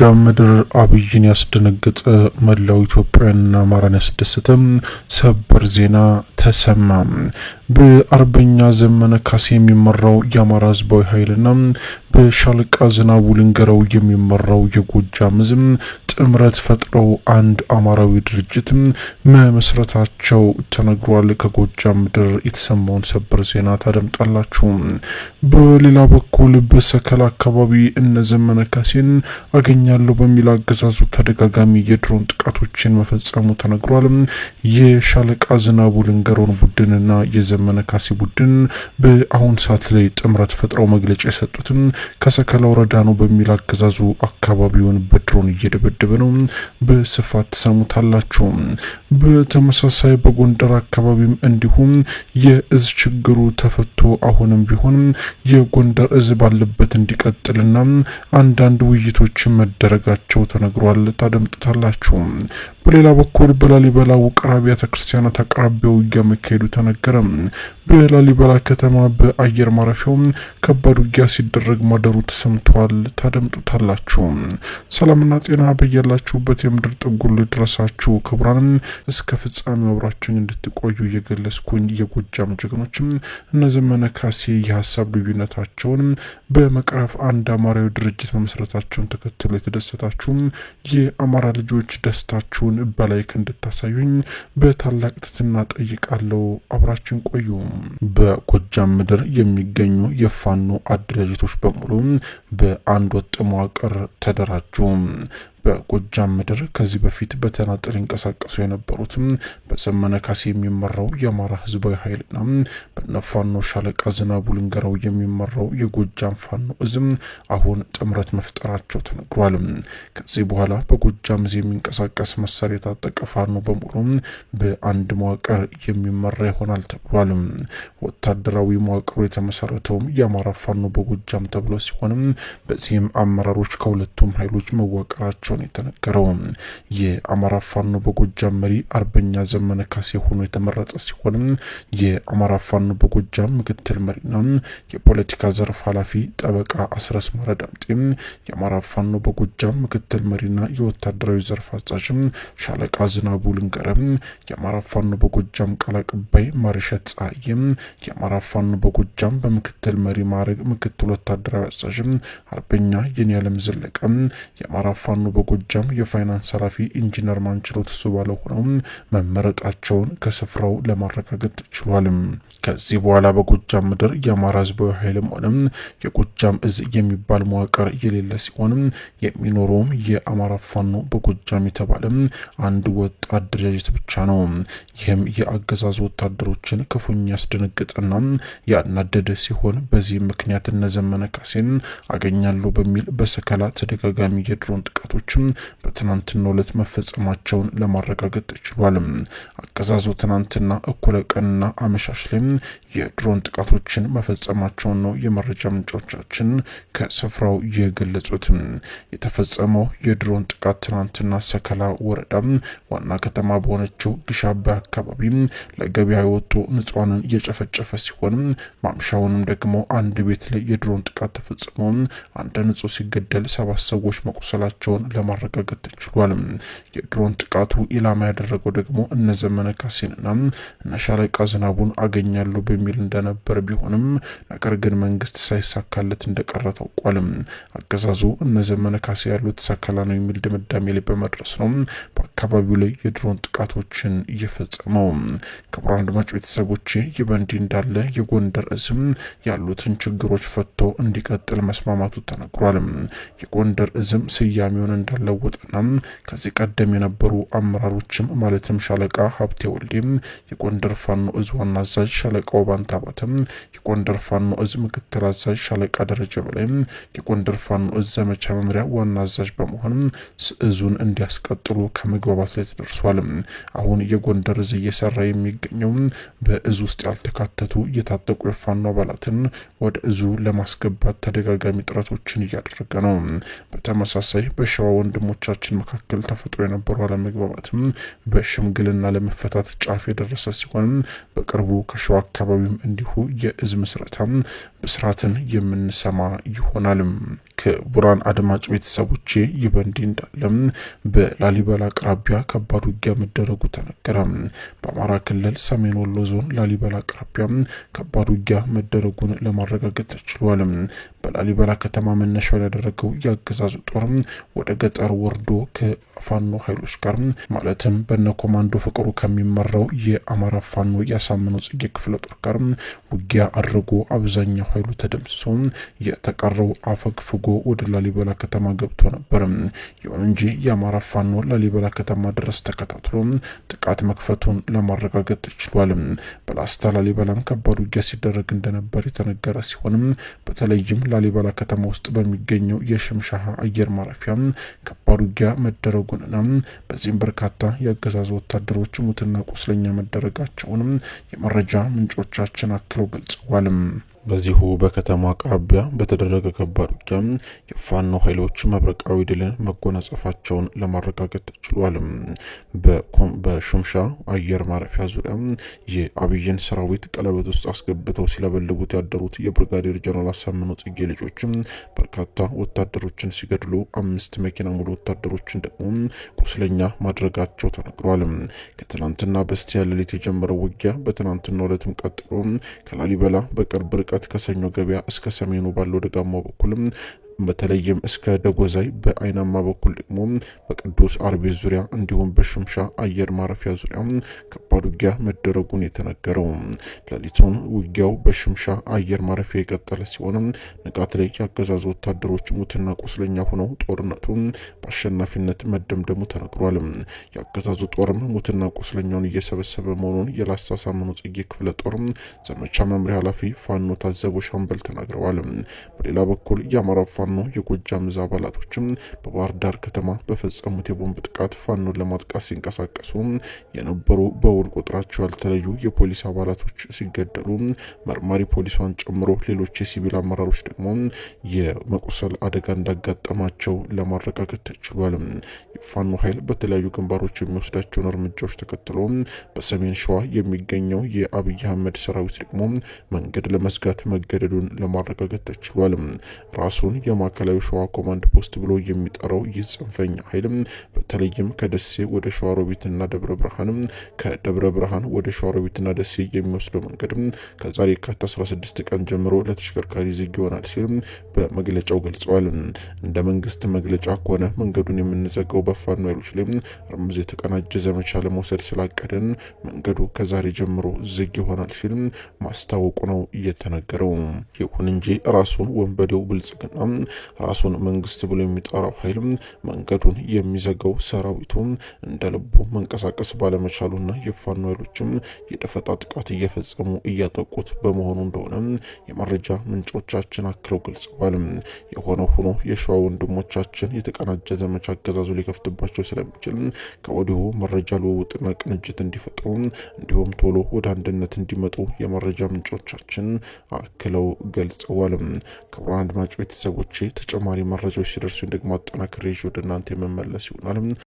ጎጃ ምድር አብይን ያስደነገጠ መላው ኢትዮጵያንና አማራን ያስደሰተም ሰበር ዜና ተሰማ። በአርበኛ ዘመነ ካሴ የሚመራው የአማራ ህዝባዊ ኃይልና በሻለቃ ዝናቡ ልንገረው የሚመራው የጎጃም ዝም ጥምረት ፈጥረው አንድ አማራዊ ድርጅት መመስረታቸው ተነግሯል። ከጎጃም ምድር የተሰማውን ሰበር ዜና ታደምጣላችሁ። በሌላ በኩል በሰከላ አካባቢ እነ ዘመነ ካሴን አገኛለሁ በሚል አገዛዙ ተደጋጋሚ የድሮን ጥቃቶችን መፈጸሙ ተነግሯል። የሻለቃ ዝናቡ ልንገረውን ቡድንና የዘ ዘመነ ካሴ ቡድን በአሁን ሰዓት ላይ ጥምረት ፈጥረው መግለጫ የሰጡትም ከሰከላ ወረዳ ነው በሚል አገዛዙ አካባቢውን በድሮን እየደበደበ ነው። በስፋት ትሰሙታላችሁ። በተመሳሳይ በጎንደር አካባቢም እንዲሁም የእዝ ችግሩ ተፈቶ አሁንም ቢሆን የጎንደር እዝ ባለበት እንዲቀጥልና አንዳንድ ውይይቶች መደረጋቸው ተነግሯል። ታደምጡታላችሁ። በሌላ በኩል በላሊበላ ውቅር አብያተ ክርስቲያናት አቅራቢያ ውጊያ መካሄዱ ተነገረ። በላሊበላ ከተማ በአየር ማረፊያው ከባድ ውጊያ ሲደረግ ማደሩ ተሰምተዋል። ታደምጡታላችሁ። ሰላምና ጤና በያላችሁበት የምድር ጥጉል ድረሳችሁ። ክቡራን እስከ ፍጻሜ አብራችሁን እንድትቆዩ እየገለጽኩኝ የጎጃም ጀግኖችም እነ ዘመነ ካሴ የሀሳብ ልዩነታቸውን በመቅረፍ አንድ አማራዊ ድርጅት መመስረታቸውን ተከትሎ የተደሰታችሁ የአማራ ልጆች ደስታችሁን በላይ እንድታሳዩኝ በታላቅ ትትና ጠይቃለሁ። አብራችን ቆዩ። በጎጃም ምድር የሚገኙ የፋኖ አደረጃጀቶች በሙሉ በአንድ ወጥ መዋቅር ተደራጁ። በጎጃም ምድር ከዚህ በፊት በተናጠል ይንቀሳቀሱ የነበሩትም በዘመነ ካሴ የሚመራው የአማራ ህዝባዊ ኃይልና በነፋኖ ሻለቃ ዝናቡ ልንገራው የሚመራው የጎጃም ፋኖ እዝም አሁን ጥምረት መፍጠራቸው ተነግሯል። ከዚህ በኋላ በጎጃም እዝ የሚንቀሳቀስ መሳሪያ የታጠቀ ፋኖ በሙሉ በአንድ መዋቅር የሚመራ ይሆናል ተብሏል። ወታደራዊ መዋቅሩ የተመሰረተውም የአማራ ፋኖ በጎጃም ተብሎ ሲሆንም በዚህም አመራሮች ከሁለቱም ኃይሎች መዋቅራቸው መሆናቸውን የተነገረው የአማራ ፋኖ በጎጃም መሪ አርበኛ ዘመነ ካሴ ሆኖ የተመረጠ ሲሆንም የአማራ ፋኖ በጎጃም ምክትል መሪና የፖለቲካ ዘርፍ ኃላፊ ጠበቃ አስረስ ማረ ዳምጤ የአማራ ፋኖ በጎጃም ምክትል መሪና የወታደራዊ ዘርፍ አዛዥም ሻለቃ ዝናቡ ልንገረም የአማራ ፋኖ በጎጃም ቃል አቀባይ ማርሸት ጸሐይም የአማራ ፋኖ በጎጃም በምክትል መሪ ማዕረግ ምክትል ወታደራዊ አዛዥም አርበኛ የኔ ያለም ዘለቀም የአማራ ፋኖ በጎጃም የፋይናንስ ኃላፊ ኢንጂነር ማንችሎት እሱ ሆነው መመረጣቸውን ከስፍራው ለማረጋገጥ ችሏል። ከዚህ በኋላ በጎጃም ምድር የአማራ ህዝባዊ ኃይልም ሆነም የጎጃም እዝ የሚባል መዋቅር የሌለ ሲሆንም የሚኖረውም የአማራ ፋኖ በጎጃም የተባለ አንድ ወጥ አደረጃጀት ብቻ ነው። ይህም የአገዛዙ ወታደሮችን ክፉኛ ያስደነግጥና ያናደደ ሲሆን በዚህ ምክንያት እነዘመነ ካሴን አገኛለሁ በሚል በሰከላ ተደጋጋሚ የድሮን ጥቃቶች እርምጃዎችም በትናንትናው ዕለት መፈጸማቸውን ለማረጋገጥ ችሏል። አገዛዙ ትናንትና እኩለ ቀንና አመሻሽ ላይ የድሮን ጥቃቶችን መፈጸማቸውን ነው የመረጃ ምንጮቻችን ከስፍራው የገለጹት። የተፈጸመው የድሮን ጥቃት ትናንትና ሰከላ ወረዳ ዋና ከተማ በሆነችው ግሻባ አካባቢ ለገበያ የወጡ ንጹሃንን እየጨፈጨፈ ሲሆን ማምሻውንም ደግሞ አንድ ቤት ላይ የድሮን ጥቃት ተፈጽሞ አንድ ንጹህ ሲገደል ሰባት ሰዎች መቁሰላቸውን ለማረጋገጥ ተችሏል። የድሮን ጥቃቱ ኢላማ ያደረገው ደግሞ እነ ዘመነ ካሴንና እነ ሻለቃ ዝናቡን አገኛለሁ በሚል እንደነበር ቢሆንም ነገር ግን መንግስት ሳይሳካለት እንደቀረ ታውቋል። አገዛዙ እነ ዘመነ ካሴ ያሉት ሳካላ ነው የሚል ድምዳሜ ላይ በመድረስ ነው በአካባቢው ላይ የድሮን ጥቃቶችን እየፈጸመው። ክቡራን አድማጭ ቤተሰቦች ይህ በእንዲህ እንዳለ የጎንደር እዝም ያሉትን ችግሮች ፈቶ እንዲቀጥል መስማማቱ ተነግሯል። የጎንደር እዝም ስያሜውን እንዳለወጠና ከዚህ ቀደም የነበሩ አመራሮችም ማለትም ሻለቃ ሀብቴ ወልዴም የጎንደር ፋኖ እዝ ዋና አዛዥ፣ ሻለቃው ባንታባትም የጎንደር ፋኖ እዝ ምክትል አዛዥ፣ ሻለቃ ደረጀ በላይም የጎንደር ፋኖ እዝ ዘመቻ መምሪያ ዋና አዛዥ በመሆን እዙን እንዲያስቀጥሉ ከምግ መግባባት ላይ ተደርሷል። አሁን የጎንደር እዝ እየሰራ የሚገኘው በእዙ ውስጥ ያልተካተቱ የታጠቁ የፋኖ አባላትን ወደ እዙ ለማስገባት ተደጋጋሚ ጥረቶችን እያደረገ ነው። በተመሳሳይ በሸዋ ወንድሞቻችን መካከል ተፈጥሮ የነበሩ አለመግባባትም በሽምግልና ለመፈታት ጫፍ የደረሰ ሲሆን በቅርቡ ከሸዋ አካባቢም እንዲሁ የእዝ ምስረታ ብስራትን የምንሰማ ይሆናል። ከቡራን አድማጭ ቤተሰቦቼ ይበንዲ እንዳለም በላሊበላ አቅራቢ አቅራቢያ ከባድ ውጊያ መደረጉ ተነገረ። በአማራ ክልል ሰሜን ወሎ ዞን ላሊበላ አቅራቢያ ከባድ ውጊያ መደረጉን ለማረጋገጥ ተችሏል። በላሊበላ ከተማ መነሻው ያደረገው የአገዛዙ ጦር ወደ ገጠር ወርዶ ከፋኖ ኃይሎች ጋር ማለትም በነ ኮማንዶ ፍቅሩ ከሚመራው የአማራ ፋኖ ያሳምነው ጽጌ ክፍለ ጦር ጋር ውጊያ አድርጎ አብዛኛው ኃይሉ ተደምስሶ የተቀረው አፈግፍጎ ወደ ላሊበላ ከተማ ገብቶ ነበር። ይሁን እንጂ የአማራ ፋኖ ላሊበላ ከተማ ድረስ ተከታትሎ ጥቃት መክፈቱን ለማረጋገጥ ተችሏል። በላስታ ላሊበላም ከባድ ውጊያ ሲደረግ እንደነበር የተነገረ ሲሆንም በተለይም ላሊበላ ከተማ ውስጥ በሚገኘው የሽምሻሃ አየር ማረፊያ ከባድ ውጊያ መደረጉንና በዚህም በርካታ የአገዛዙ ወታደሮች ሙትና ቁስለኛ መደረጋቸውንም የመረጃ ምንጮቻችን አክል መሆኑ ገልጸዋልም። በዚሁ በከተማ አቅራቢያ በተደረገ ከባድ ውጊያ የፋኖ ኃይሎች መብረቃዊ ድልን መጎናጸፋቸውን ለማረጋገጥ ችሏል። በሹምሻ አየር ማረፊያ ዙሪያ የአብይን ሰራዊት ቀለበት ውስጥ አስገብተው ሲለበልቡት ያደሩት የብርጋዴር ጀነራል አሳምነው ጽጌ ልጆች በርካታ ወታደሮችን ሲገድሉ አምስት መኪና ሙሉ ወታደሮችን ደግሞ ቁስለኛ ማድረጋቸው ተነግሯል። ከትናንትና በስቲያ ሌሊት የጀመረው ውጊያ በትናንትና ዕለትም ቀጥሎ ከላሊበላ በቅርብ ርቀት ከሰኞ ገበያ እስከ ሰሜኑ ባለው ደጋማ በኩልም በተለይም እስከ ደጎዛይ በአይናማ በኩል ደግሞ በቅዱስ አርቤ ዙሪያ እንዲሁም በሽምሻ አየር ማረፊያ ዙሪያ ከባድ ውጊያ መደረጉን የተነገረው። ሌሊቱን ውጊያው በሽምሻ አየር ማረፊያ የቀጠለ ሲሆን ንጋት ላይ የአገዛዙ ወታደሮች ሙትና ቁስለኛ ሆነው ጦርነቱ በአሸናፊነት መደምደሙ ተነግሯል። የአገዛዙ ጦርም ሙትና ቁስለኛውን እየሰበሰበ መሆኑን የላስታ ሳምኖ ጽጌ ክፍለ ጦር ዘመቻ መምሪያ ኃላፊ ፋኖ ታዘቦ ሻምበል ተናግረዋል። በሌላ በኩል የአማራ ፋኖ የጎጃም እዝ አባላቶችም በባህር ዳር ከተማ በፈጸሙት የቦምብ ጥቃት ፋኖን ለማጥቃት ሲንቀሳቀሱ የነበሩ በውል ቁጥራቸው ያልተለዩ የፖሊስ አባላቶች ሲገደሉ መርማሪ ፖሊሷን ጨምሮ ሌሎች የሲቪል አመራሮች ደግሞ የመቁሰል አደጋ እንዳጋጠማቸው ለማረጋገጥ ተችሏል። የፋኖ ኃይል በተለያዩ ግንባሮች የሚወስዳቸውን እርምጃዎች ተከትሎ በሰሜን ሸዋ የሚገኘው የአብይ አህመድ ሰራዊት ደግሞ መንገድ ለመዝጋት መገደዱን ለማረጋገጥ ተችሏል። ራሱን ማዕከላዊ ሸዋ ኮማንድ ፖስት ብሎ የሚጠራው ይህ ጽንፈኛ ኃይልም በተለይም ከደሴ ወደ ሸዋሮቢትና ደብረ ብርሃንም ከደብረ ብርሃን ወደ ሸዋሮቢትና ደሴ የሚወስደው መንገድም ከዛሬ የካቲት 16 ቀን ጀምሮ ለተሽከርካሪ ዝግ ይሆናል ሲልም በመግለጫው ገልጸዋል። እንደ መንግስት መግለጫ ከሆነ መንገዱን የምንዘጋው በፋኖ ኃይሎች ላይ እርምዝ የተቀናጀ ዘመቻ ለመውሰድ ስላቀደን መንገዱ ከዛሬ ጀምሮ ዝግ ይሆናል ሲልም ማስታወቁ ነው እየተነገረው። ይሁን እንጂ ራሱን ወንበዴው ብልጽግና ራሱን መንግስት ብሎ የሚጠራው ኃይልም መንገዱን የሚዘጋው ሰራዊቱ እንደ ልቡ መንቀሳቀስ ባለመቻሉና የፋኖ ኃይሎችም የደፈጣ ጥቃት እየፈጸሙ እያጠቁት በመሆኑ እንደሆነ የመረጃ ምንጮቻችን አክለው ገልጸዋል። የሆነ ሆኖ የሸዋ ወንድሞቻችን የተቀናጀ ዘመቻ አገዛዙ ሊከፍትባቸው ስለሚችል ከወዲሁ መረጃ ልውውጥና ቅንጅት እንዲፈጥሩ እንዲሁም ቶሎ ወደ አንድነት እንዲመጡ የመረጃ ምንጮቻችን አክለው ገልጸዋል። ክቡራን አድማጭ ቤተሰቦች ተከታትሎቼ ተጨማሪ መረጃዎች ሲደርሱኝ ደግሞ አጠናክሬ ወደ እናንተ የምመለስ ይሆናል።